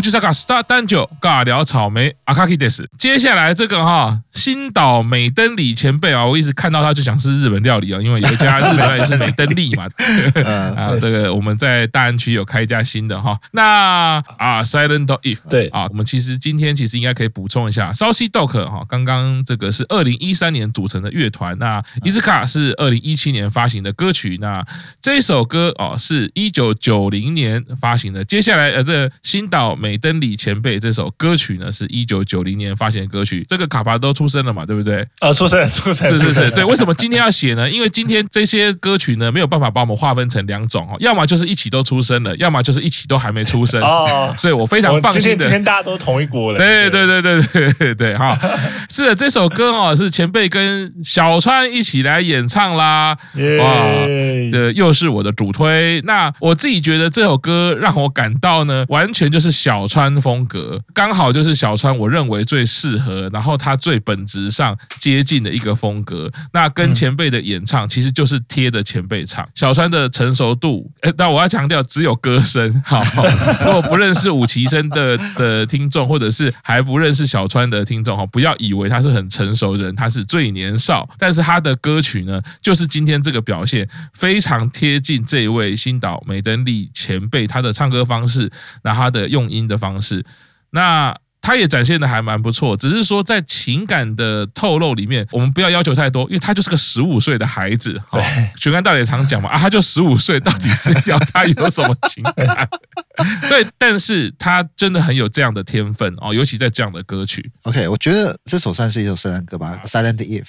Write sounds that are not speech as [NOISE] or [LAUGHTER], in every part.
去吃咖 STAR 丹酒尬聊草莓 a k k a d e s 接下來這個哈、哦，新島美登里前輩啊、哦，我一直看到他就想吃日本料理啊、哦，因為有一家日本料理是美登里嘛。 [LAUGHS] [LAUGHS] 啊，對啊這個我們在大安區有開一家新的哈、哦。那啊，Silent Eve 對。對啊，我們其實今天其實應該可以補充一下，Saucy Dog 哈，剛剛這個是二零一三年組成的樂團。那伊斯卡是二零一七年發行的歌曲。那這首歌哦，是一九九零年發行的。接下來呃，這新島美。美登里前輩這首歌曲呢，是一九九零年發行的歌曲。這個卡巴都出生了嘛，對不對？呃，出生，出生，是是是對。為什麼今天要寫呢？ [LAUGHS] 因為今天這些歌曲呢，沒有辦法把我們劃分成兩種哦，要麼就是一起都出生了，要麼就是一起都還沒出生 [LAUGHS] 對哦。所以我非常放心今天。今天大家都同一國人。對對對對對對哈 [LAUGHS] 哦，是的這首歌哦，是前輩跟小川一起來演唱啦。耶哇，對，又是我的主推。那我自己覺得這首歌讓我感到呢，完全就是小。小川風格剛好就是小川，我認為最適合，然後他最本質上接近的一個風格。那跟前輩的演唱、嗯、其實就是貼着前輩唱。小川的成熟度，但我要強調，只有歌聲好、哦。如果不認識五期生的的聽眾，或者是還不認識小川的聽眾哈、哦，不要以為他是很成熟的人，他是最年少。但是他的歌曲呢，就是今天這個表現非常貼近這一位新島美登利前輩他的唱歌方式，那他的用音。的方式，那他也展現的還蠻不錯，只是說在情感的透露裡面，我們不要要求太多，因為他就是個十五歲的孩子哈。徐剛對、哦、導演常講嘛，啊，他就十五歲，到底是要他有什麼情感？ [LAUGHS] 對，但是他真的很有這樣的天分哦，尤其在這樣的歌曲。OK，我覺得這首算是一首聖誕歌吧，Silent Eve。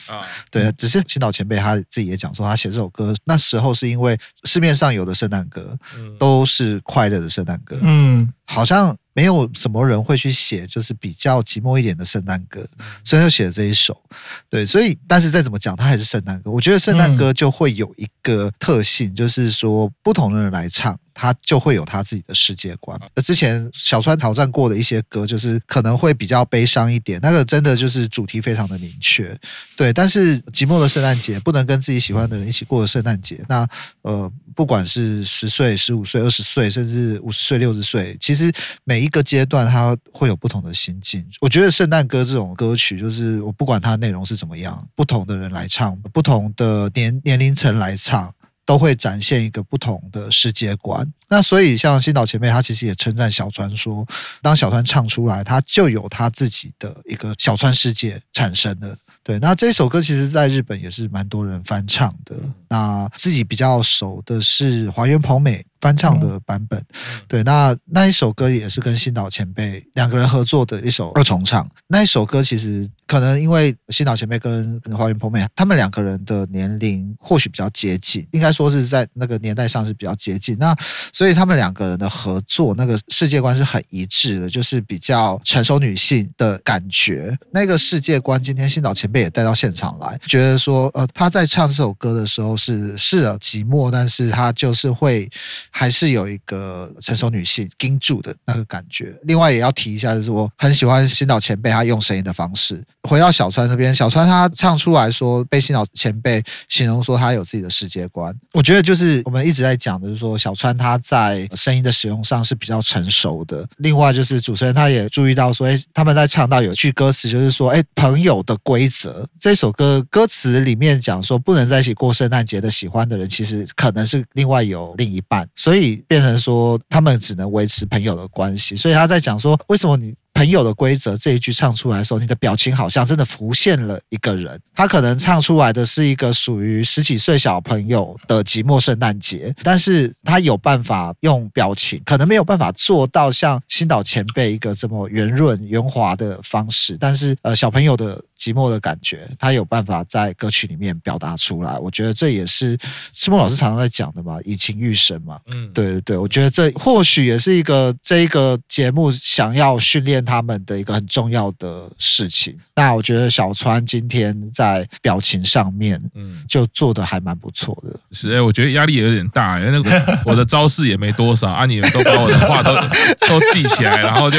對，嗯、只是青島前輩他自己也講說，他寫這首歌那時候是因為市面上有的聖誕歌、嗯、都是快樂的聖誕歌，嗯，好像。沒有什麼人會去寫，就是比較寂寞一點的聖誕歌，所以就寫了這一首。對，所以，但是再怎麼講，它還是聖誕歌。我覺得聖誕歌就會有一個特性，嗯、就是說不同的人來唱，他就會有他自己的世界觀。呃，之前小川挑戰過的一些歌，就是可能會比較悲傷一點。那個真的就是主題非常的明確，對。但是寂寞的聖誕節，不能跟自己喜歡的人一起過的聖誕節。那呃，不管是十歲、十五歲、二十歲，甚至五十歲、六十歲，其實每一個階段他會有不同的心境。我覺得聖誕歌這種歌曲，就是我不管它內容是怎麼樣，不同的人來唱，不同的年年齡層來唱，都會展現一個不同的世界觀。那所以像新島前輩，他其實也稱讚小川說，當小川唱出來，他就有他自己的一個小川世界產生了。對，那這首歌其實在日本也是蠻多人翻唱的。那自己比較熟的是華原朋美。翻唱的版本，對，那那一首歌也是跟新島前輩兩個人合作的一首二重唱。那一首歌其實可能因為新島前輩跟華原朋美他們兩個人的年齡或許比較接近，應該說是在那個年代上是比較接近。那所以他們兩個人的合作，那個世界觀是很一致的，就是比較成熟女性的感覺。那個世界觀今天新島前輩也帶到現場來，覺得說呃他在唱這首歌的時候是是、啊、寂寞，但是他就是會。還是有一個成熟女性盯住的那個感覺。另外也要提一下，就是我很喜歡新老前輩他用聲音的方式。回到小川這邊，小川他唱出來說，被新老前輩形容說他有自己的世界觀。我覺得就是我們一直在講的，就是說小川他在聲音的使用上是比較成熟的。另外就是主持人他也注意到說，哎，他們在唱到有句歌詞，就是說，哎，朋友的規則這首歌歌詞裡面講說，不能在一起過聖誕節的喜歡的人，其實可能是另外有另一半。所以變成說，他們只能維持朋友的關係。所以他在講說，為什麼你，朋友的規則這一句唱出來的時候，你的表情好像真的浮現了一個人。他可能唱出來的是一個屬於十幾歲小朋友的寂寞聖誕節，但是他有辦法用表情，可能沒有辦法做到像新島前輩一個這麼圓潤圓滑的方式，但是呃，小朋友的寂寞的感覺，他有辦法在歌曲裡面表達出來。我覺得這也是赤夢老師常常在講的嘛，以情馭聲嘛。嗯，對對對，我覺得這或許也是一個這一個節目想要訓練他。他們的一個很重要的事情。那我覺得小川今天在表情上面，嗯，就做的還蠻不錯的。是，哎，我覺得壓力也有點大，因為那個我的招式也沒多少 [LAUGHS] 啊。你們都把我的話都 [LAUGHS] 都記起來，然後就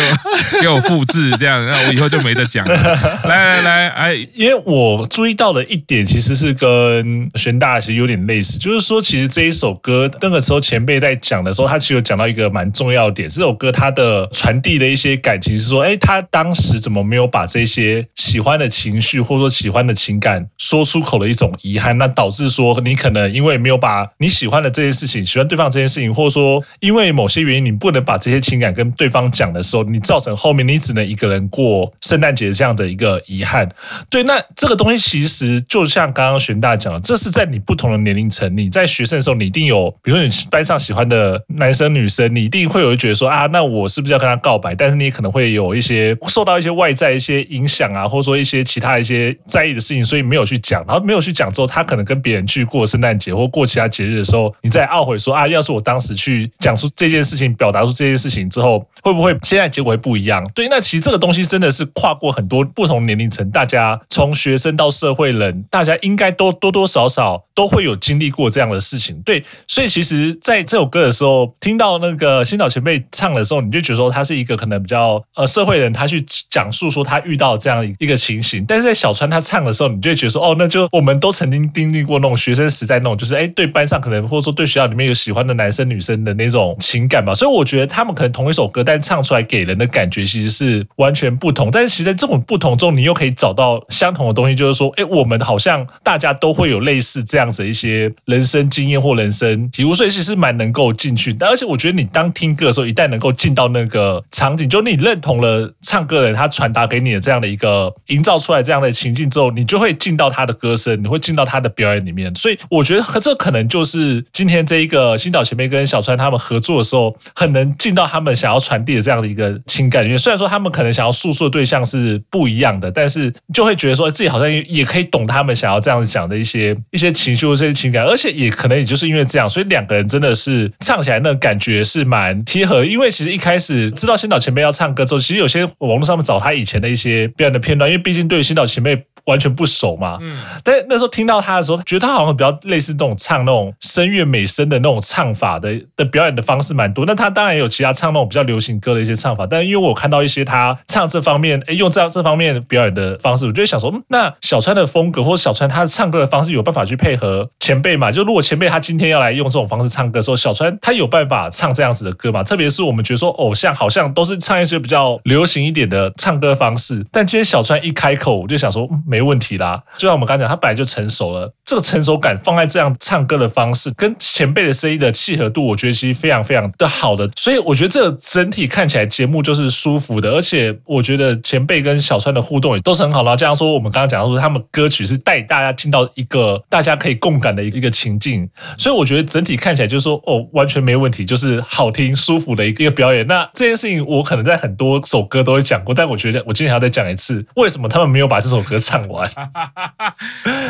給我複製，這樣那我以後就沒得講了。來來來，哎，因為我注意到了一點，其實是跟玄大其實有點類似，就是說，其實這一首歌那個時候前輩在講的時候，他其實有講到一個蠻重要的點，這首歌他的傳遞的一些感情是說。哎，欸、他當時怎麼沒有把這些喜歡的情緒，或者說喜歡的情感說出口的一種遺憾，那導致說你可能因為沒有把你喜歡的這件事情，喜歡對方這件事情，或者說因為某些原因你不能把這些情感跟對方講的時候，你造成後面你只能一個人過聖誕節這樣的一個遺憾。對，那這個東西其實就像剛剛玄大講的，這是在你不同的年齡層，你在學生的時候，你一定有，比如說你班上喜歡的男生女生，你一定會有覺得說啊，那我是不是要跟他告白？但是你也可能會有。有一些受到一些外在一些影響啊，或者說一些其他一些在意的事情，所以沒有去講，然後沒有去講之後，他可能跟別人去過聖誕節或過其他節日的時候，你再懊悔說啊，要是我當時去講出這件事情，表達出這件事情之後，會不會現在結果會不一樣？對，那其實這個東西真的是跨過很多不同年齡層，大家從學生到社會人，大家應該都多多少少都會有經歷過這樣的事情。對，所以其實在這首歌的時候，聽到那個新老前輩唱的時候，你就覺得說他是一個可能比較呃。社會人，他去講述說他遇到這樣一個情形，但是在小川他唱的時候，你就會覺得說哦，那就我們都曾經經歷過那種學生時代那種，就是哎，對班上可能或者說對學校裡面有喜歡的男生女生的那種情感吧。所以我覺得他們可能同一首歌，但唱出來給人的感覺其實是完全不同。但是其實在這種不同中，你又可以找到相同的東西，就是說，哎，我們好像大家都會有類似這樣子的一些人生經驗或人生體悟，所以其實蠻能夠進去。而且我覺得你當聽歌的時候，一旦能夠進到那個場景，就你認同，唱歌的人他傳達給你的這樣的一個，營造出來這樣的情境之後，你就會進到他的歌聲，你會進到他的表演裡面。所以我覺得這可能就是今天這一個新島前輩跟小川他們合作的時候，很能進到他們想要傳遞的這樣的一個情感裡面。雖然說他們可能想要訴說的對象是不一樣的，但是就會覺得說自己好像也可以懂他們想要這樣子講的一些一些情緒、這些情感，而且也可能也就是因為這樣，所以兩個人真的是唱起來那個感覺是蠻貼合。因為其實一開始知道新島前輩要唱歌之後。其實有些網絡上面找他以前的一些表演的片段，因為畢竟對於新島前輩，完全不熟嘛，嗯，但那時候聽到他的時候，覺得他好像比較類似那種唱那種聲樂美聲的那種唱法的的表演的方式蠻多。那他當然有其他唱那種比較流行歌的一些唱法，但因為我看到一些他唱這方面，哎，用這樣這方面表演的方式，我就想說，嗯，那小川的風格或小川他唱歌的方式有辦法去配合前輩嘛？就如果前輩他今天要來用這種方式唱歌的時候，小川他有辦法唱這樣子的歌嘛？特別是我們覺得說偶像好像都是唱一些比較流行一點的唱歌方式，但今天小川一開口，我就想說。嗯沒問題啦，就像我們剛才講，他本來就成熟了，這個成熟感放在這樣唱歌的方式，跟前輩的聲音的契合度，我覺得其實非常非常的好的，所以我覺得這個整體看起來節目就是舒服的，而且我覺得前輩跟小川的互動也都是很好啦。就像說，我們剛剛講到說他們歌曲是帶大家進到一個大家可以共感的一個一個情境，所以我覺得整體看起來就是說哦，完全沒問題，就是好聽舒服的一個一個表演。那這件事情我可能在很多首歌都會講過，但我覺得我今天還要再講一次，為什麼他們沒有把這首歌唱。哈，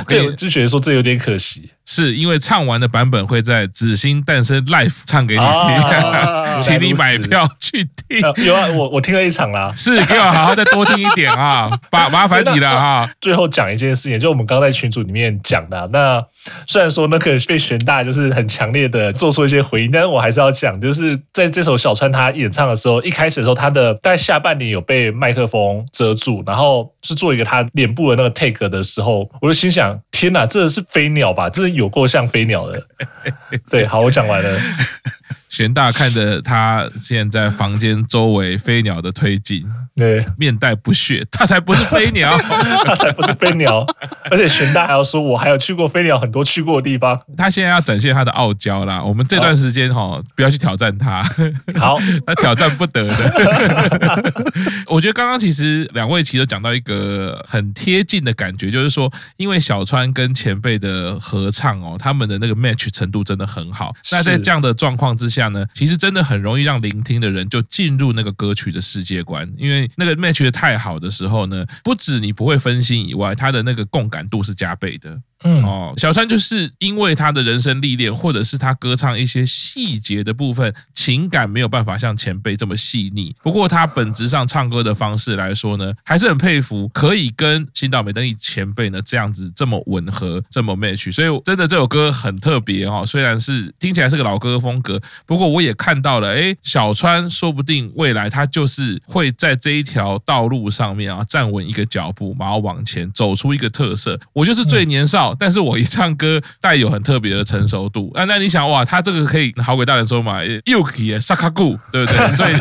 對， [LAUGHS] 我就覺得說這有點可惜。是因為唱完的版本會在《紫星誕生》Live 唱給你聽，啊、請你買票去聽。啊有啊，我我聽了一場啦。是，給我好好再多聽一點啊！ [LAUGHS] 麻麻煩你了啊！呃、最後講一件事情，就我們剛在群組裡面講的。那雖然說那個被玄大就是很強烈的做出一些回應，但是我還是要講，就是在這首小川他演唱的時候，一開始的時候，他的大概下半年有被麥克風遮住，然後是做一個他臉部的那個 take 的時候，我就心想。天吶，這是飛鳥吧？這是有過像飛鳥的。對，好，我講完了。玄大看着他現在房間周圍飛鳥的推進。對，面帶不屑，他才不是飛鳥， [LAUGHS] 他才不是飛鳥， [LAUGHS] 而且玄大還要說，我還有去過飛鳥很多去過的地方。他現在要展現他的傲嬌啦，我們這段時間哈、喔，好不要去挑戰他， [LAUGHS] 好，他挑戰不得的。 [LAUGHS] 我覺得剛剛其實兩位其實講到一個很貼近的感覺，就是說，因為小川跟前輩的合唱哦、喔，他們的那個 match 程度真的很好。那是在這樣的狀況之下呢，其實真的很容易讓聆聽的人就進入那個歌曲的世界觀，因為。那個 match 的太好的時候呢，不止你不會分心，以外，它的那個共感度是加倍的。哦，嗯、小川就是因為他的人生歷練，或者是他歌唱一些細節的部分，情感沒有辦法像前輩這麼細膩。不過他本質上唱歌的方式來說呢，還是很佩服，可以跟新島美登里前輩呢這樣子這麼吻合，這麼 match。所以真的這首歌很特別哦，雖然是聽起來是個老歌風格，不過我也看到了，哎，小川說不定未來他就是會在這一條道路上面啊站穩一個腳步，然後往前走出一個特色。我就是最年少。嗯但是我一唱歌，帶有很特別的成熟度啊，那你想哇，他這個可以好鬼大人說嘛，又可以撒卡古對不對？所以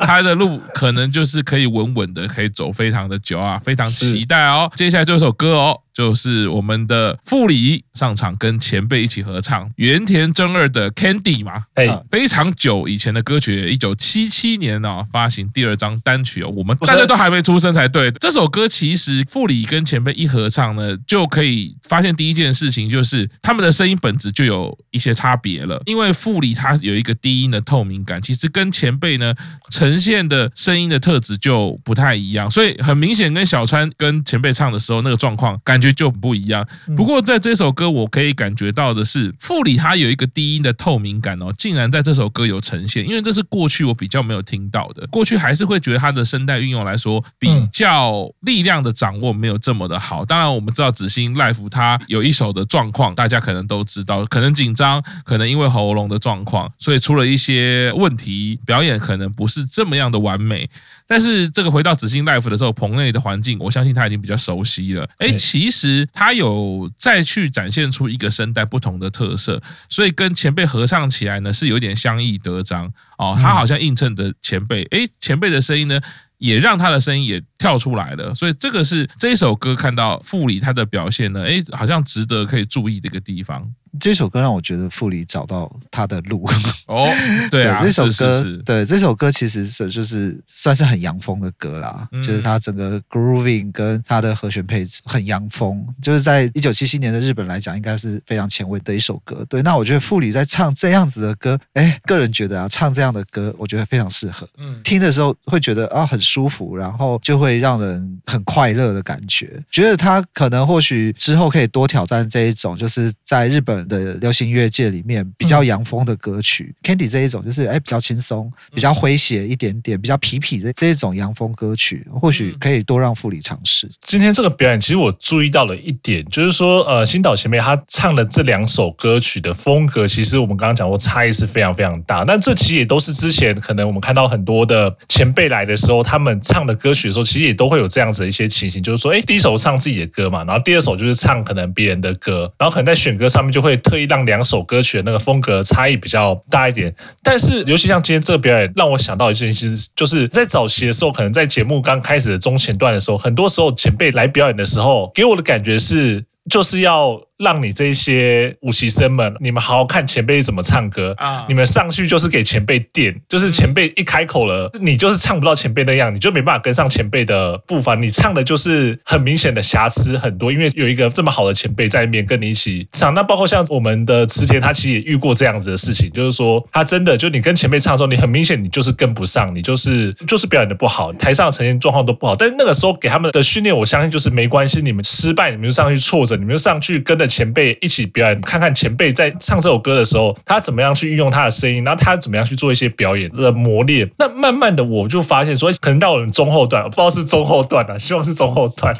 他的路可能就是可以穩穩的，可以走非常的久啊，非常期待哦。是接下來就一首歌哦。就是我們的富里上場跟前輩一起合唱原田真二的《Candy》嘛，哎，非常久以前的歌曲，一九七七年哦，發行第二張單曲哦，我們大家都還沒出生才對。這首歌其實富里跟前輩一合唱呢，就可以發現第一件事情就是他們的聲音本質就有一些差別了，因為富里他有一個低音的透明感，其實跟前輩呢呈現的聲音的特質就不太一樣，所以很明顯跟小川跟前輩唱的時候那個狀況感覺就不一樣。不過，在這首歌，我可以感覺到的是，傅、嗯、里他有一個低音的透明感哦，竟然在這首歌有呈現，因為這是過去我比較沒有聽到的。過去還是會覺得他的聲帶運用來說，比較力量的掌握沒有這麼的好。嗯、當然，我們知道紫星 life 他有一首的狀況，大家可能都知道，可能緊張，可能因為喉嚨的狀況，所以出了一些問題，表演可能不是這麼樣的完美。但是，這個回到紫星 live 的時候，棚內的環境，我相信他已經比較熟悉了。哎、欸，其實。其實他有再去展現出一個聲帶不同的特色，所以跟前輩合唱起來呢，是有點相得益彰哦。他好像映襯着前輩，哎，前輩的聲音呢，也讓他的聲音也跳出來了。所以這個是這首歌看到傅里他的表現呢，哎，好像值得可以注意的一個地方。這首歌讓我覺得富里找到他的路哦，對啊， [LAUGHS] 對這首歌是是是對，這首歌其實是就是算是很洋風的歌啦，嗯、就是它整個 grooving 跟它的和弦配置很洋風，就是在一九七七年的日本來講，應該是非常前衛的一首歌。對，那我覺得富里在唱這樣子的歌，哎，個人覺得啊，唱這樣的歌，我覺得非常適合，嗯，聽的時候會覺得啊很舒服，然後就會讓人很快樂的感覺。覺得他可能或許之後可以多挑戰這一種，就是在日本。的流行音樂界裡面比較洋風的歌曲，Candy 這一種就是哎比較輕鬆、比較詼諧一點點、比較痞痞的這一種洋風歌曲，或許可以多讓副理嘗試。今天這個表演，其實我注意到了一點，就是說呃，新島前輩他唱的這兩首歌曲的風格，其實我們剛剛講過差異是非常非常大。那這其實也都是之前可能我們看到很多的前輩來的時候，他們唱的歌曲的時候，其實也都會有這樣子的一些情形，就是說哎第一首唱自己的歌嘛，然後第二首就是唱可能別人的歌，然後可能在選歌上面就會。會特意讓兩首歌曲的那個風格差異比較大一點，但是尤其像今天這個表演，讓我想到一件事情，就是在早期的時候，可能在節目剛開始的中前段的時候，很多時候前輩來表演的時候，給我的感覺是就是要。讓你這一些五期生們，你們好好看前輩怎麼唱歌啊！你們上去就是給前輩墊，就是前輩一開口了，你就是唱不到前輩那樣，你就沒辦法跟上前輩的步伐，你唱的就是很明顯的瑕疵很多。因為有一個這麼好的前輩在一面跟你一起唱，那包括像我們的池田，他其實也遇過這樣子的事情，就是說他真的就你跟前輩唱的時候，你很明顯你就是跟不上，你就是就是表演的不好，台上的呈現狀況都不好。但是那個時候給他們的訓練，我相信就是沒關係，你們失敗，你們就上去挫折，你們就上去跟着。前輩一起表演，看看前輩在唱這首歌的時候，他怎麼樣去運用他的聲音，然後他怎麼樣去做一些表演的磨練。那慢慢的，我就發現說，所以可能到我們中後段，不知道是中後段了啊，希望是中後段。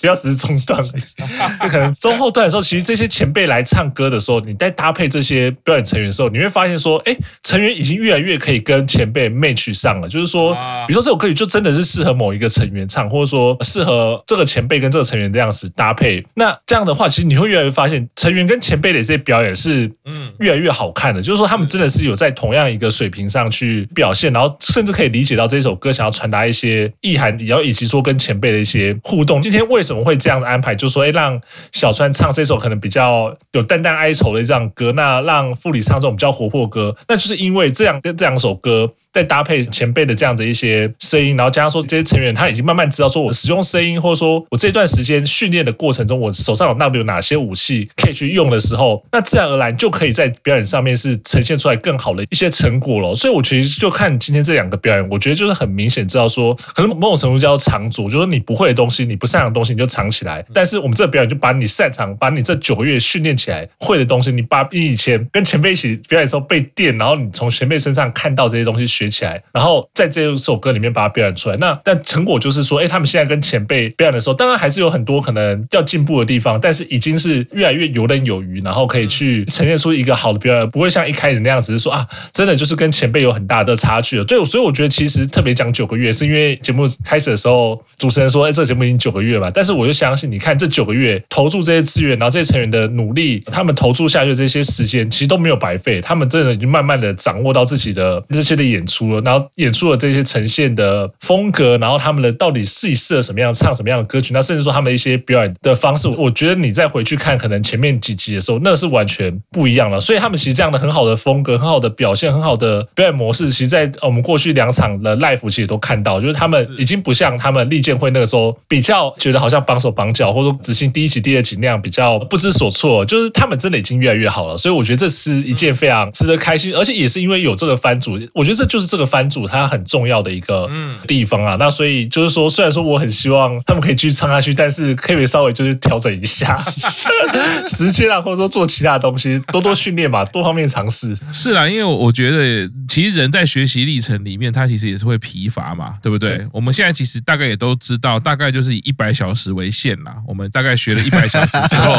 不要只是中段， [LAUGHS] 就可能中後段的時候，其實這些前輩來唱歌的時候，你在搭配這些表演成員的時候，你會發現說，哎、欸，成員已經越來越可以跟前輩 match 上了。就是說，比如說這首歌就真的是適合某一個成員唱，或者說適合這個前輩跟這個成員這樣子搭配。那這樣的話，其實你會越來越發現，成員跟前輩的這些表演是，嗯，越來越好看的。就是說，他們真的是有在同樣一個水平上去表現，然後甚至可以理解到這一首歌想要傳達一些意涵，也要以及說跟前輩的一些互動。今天。為什麼會這樣的安排？就是說，哎，讓小川唱這首可能比較有淡淡哀愁的這樣歌，那讓傅里唱這種比較活潑的歌，那就是因為這樣這兩首歌在搭配前輩的這樣的一些聲音，然後加上說這些成員他已經慢慢知道，說我使用聲音，或者說我這段時間訓練的過程中，我手上有哪有哪些武器可以去用的時候，那自然而然就可以在表演上面是呈現出來更好的一些成果了。所以我其實就看今天這兩個表演，我覺得就是很明顯知道說，可能某種程度叫長足，就是你不會的東西，你不擅長的東西。東西你就藏起來，但是我們這個表演就把你擅長，把你這九個月訓練起來會的東西，你把你以前跟前輩一起表演的時候被電，然後你從前輩身上看到這些東西學起來，然後在這首歌裡面把它表演出來。那但成果就是說，哎，他們現在跟前輩表演的時候，當然還是有很多可能要進步的地方，但是已經是越來越游刃有餘，然後可以去呈現出一個好的表演，不會像一開始那樣只是說啊，真的就是跟前輩有很大的差距了。對，所以我覺得其實特別講九個月，是因為節目開始的時候主持人說，哎，這個節目已經九個月了。但是我就相信，你看這九個月投注這些資源，然後這些成員的努力，他們投注下去的這些時間，其實都沒有白費。他們真的已經慢慢的掌握到自己的這些的演出了，然後演出了這些呈現的風格，然後他們的到底適不適合什麼樣唱什麼樣的歌曲，那甚至說他們一些表演的方式，我覺得你再回去看可能前面幾集的時候，那是完全不一樣了。所以他們其實這樣的很好的風格，很好的表現，很好的表演模式，其實在我們過去兩場的 live 其實都看到，就是他們已經不像他們立劍會那個時候比較就。好像綁手綁腳，或者說執行第一期第二期那樣比較不知所措。就是他們真的已經越來越好了，所以我覺得這是一件非常值得開心，而且也是因為有這個番主，我覺得這就是這個番主他很重要的一個嗯地方啊。那所以就是說，雖然說我很希望他們可以繼續唱下去，但是可以稍微就是調整一下 [LAUGHS] 時間啊，或者說做其他的東西，多多訓練嘛，多方面嘗試。是啦，因為我覺得其實人在學習歷程裡面，他其實也是會疲乏嘛，對不對？對我們現在其實大概也都知道，大概就是一百小。小時為限啦，我們大概學了一百小時之後，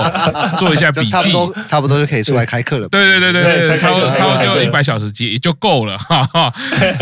做一下筆記， [LAUGHS] 差，不差不多就可以出來開課了。對對對對對，對，差不多夠一百小時，啊，也就夠了哈。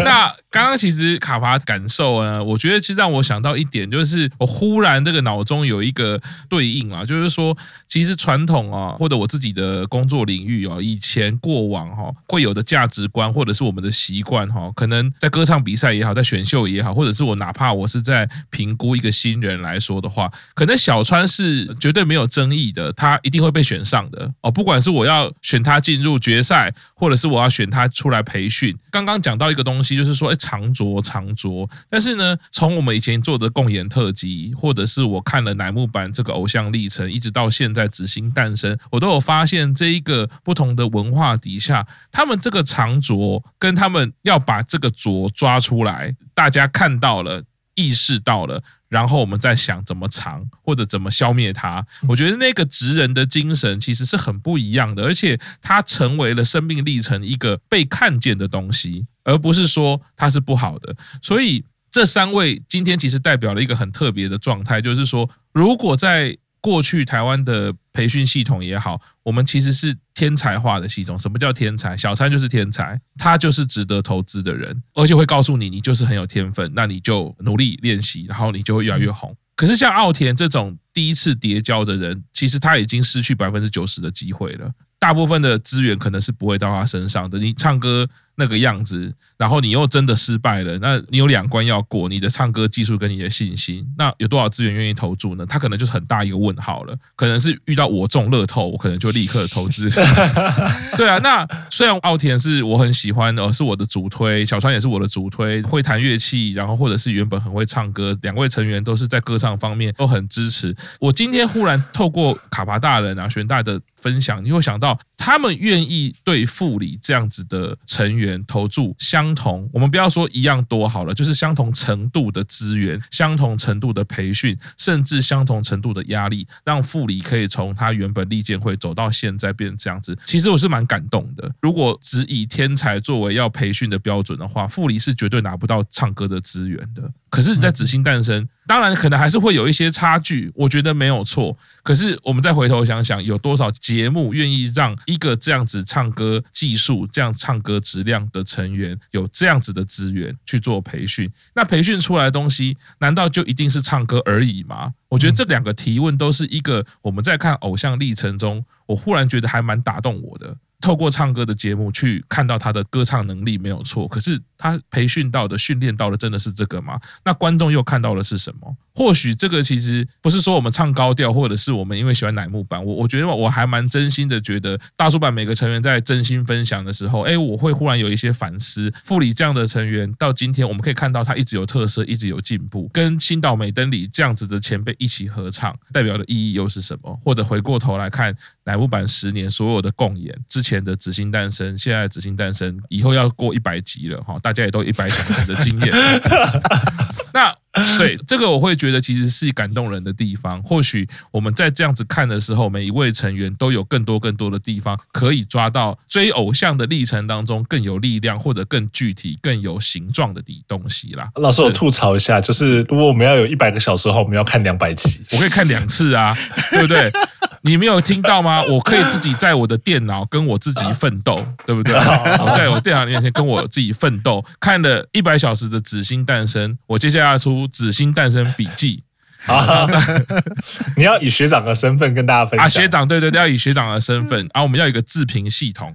那剛剛其實卡伐感受呢，啊，我覺得其實讓我想到一點，就是我忽然這個腦中有一個對應啊，就是說，其實傳統啊，或者我自己的工作領域啊，以前過往哈，啊、會有的價值觀，或者是我們的習慣哈，可能在歌唱比賽也好，在選秀也好，或者是我哪怕我是在評估一個新人來說的話。話可能小川是絕對沒有爭議的，他一定會被選上的哦。不管是我要選他進入決賽，或者是我要選他出來培訓。剛剛講到一個東西，就是說、欸、長卓長卓，但是呢，從我們以前做的共演特輯，或者是我看了乃木坂這個偶像歷程，一直到現在 STAR 誕生，我都有發現這一個不同的文化底下，他們這個長卓跟他們要把這個卓抓出來，大家看到了，意識到了。然後我們再想怎麼藏，或者怎麼消滅它。我覺得那個職人的精神其實是很不一樣的，而且它成為了生命歷程一個被看見的東西，而不是說它是不好的。所以這三位今天其實代表了一個很特別的狀態，就是說如果在。過去台灣的培訓系統也好，我們其實是天才化的系統。什麼叫天才？小三就是天才，他就是值得投資的人，而且會告訴你，你就是很有天分，那你就努力練習，然後你就會越來越紅。可是像奧田這種第一次跌跤的人，其實他已經失去百分之九十的機會了，大部分的資源可能是不會到他身上的。你唱歌。那個樣子，然後你又真的失敗了，那你有兩關要過，你的唱歌技術跟你的信心，那有多少資源願意投注呢？他可能就是很大一個問號了。可能是遇到我中樂透，我可能就立刻投資。 [LAUGHS] [LAUGHS] 對啊，那雖然奧田是我很喜歡的，是我的主推，小川也是我的主推，會彈樂器，然後或者是原本很會唱歌，兩位成員都是在歌唱方面都很支持。我今天忽然透過卡巴大人啊、玄大的分享，你會想到他們願意對付理這樣子的成員。投注相同，我們不要說一樣多好了，就是相同程度的資源、相同程度的培訓，甚至相同程度的壓力，讓傅里可以從他原本利劍會走到現在變成這樣子。其實我是蠻感動的。如果只以天才作為要培訓的標準的話，傅里是絕對拿不到唱歌的資源的。可是你在《STAR 誕生》嗯，當然可能還是會有一些差距，我覺得沒有錯。可是我們再回頭想想，有多少節目願意讓一個這樣子唱歌技術、這樣唱歌質量？的成員有這樣子的資源去做培訓，那培訓出來的東西難道就一定是唱歌而已嗎？我覺得這兩個提問都是一個我們在看偶像歷程中，我忽然覺得還蠻打動我的。透過唱歌的節目去看到他的歌唱能力沒有錯，可是他培訓到的、訓練到的真的是這個嗎？那觀眾又看到的是什麼？或許這個其實不是說我們唱高調，或者是我們因為喜歡乃木坂我。我我覺得我還蠻真心的，覺得大叔坂每個成員在真心分享的時候，哎，我會忽然有一些反思。傅里這樣的成員到今天，我們可以看到他一直有特色，一直有進步，跟新島美登里這樣子的前輩。一起合唱代表的意義又是什麼？或者回過頭來看，乃木坂十年所有的共演，之前的《STAR 誕生》，現在的《STAR 誕生》，以後要過一百集了哈，大家也都一百小時的經驗。 [LAUGHS] [LAUGHS] 那對這個，我會覺得其實是感動人的地方。或許我們在這樣子看的時候，每一位成員都有更多更多的地方可以抓到追偶像的歷程當中更有力量，或者更具體、更有形狀的東西啦。老師，是我吐槽一下，就是如果我們要有一百個小時的話，我們要看兩百期，我可以看兩次啊， [LAUGHS] 對不對？ [LAUGHS] 你沒有聽到嗎？我可以自己在我的電腦跟我自己奮鬥，對不對？我在我的電腦面前跟我自己奮鬥，看了一百小時的《紫星誕生》，我接下來出《紫星誕生筆記》啊好！ [LAUGHS] 你要以學長的身份跟大家分享，啊、學長對,對對，要以學長的身份啊！我們要一個自評系統，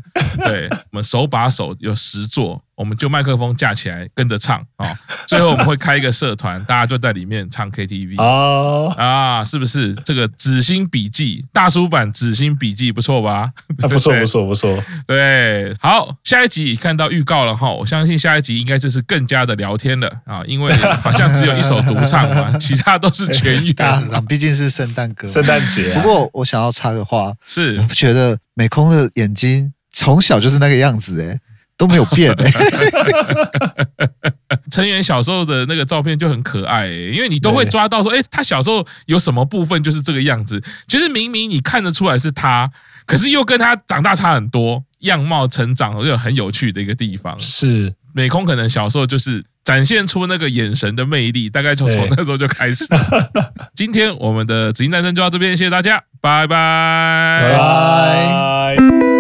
對我們手把手有實作。我們就麥克風架起來跟着唱啊、哦，最後我們會開一個社團，大家就在裡面唱 KTV 哦啊，是不是這個《紫心筆記》大叔版《紫心筆記不錯、啊不》不錯吧？啊，不錯不錯不錯，對，好，下一集看到預告了哈，我相信下一集應該就是更加的聊天了啊，因為好像只有一首獨唱吧、啊，其他都是全員啊、 [LAUGHS] 哎，大家畢竟是聖誕歌，聖誕節。不過我想要插個話是，我不覺得美空的眼睛從小就是那個樣子、欸都沒有變、欸， [LAUGHS] 成員小時候的那個照片就很可愛、欸，因為你都會抓到說，哎，他小時候有什麼部分就是這個樣子。其實明明你看得出來是他，可是又跟他長大差很多，樣貌成長又很有趣的一個地方。是美空可能小時候就是展現出那個眼神的魅力，大概就從對 那時候就開始。今天我們的《STAR 誕生》就到這邊，謝謝大家，拜拜，拜拜。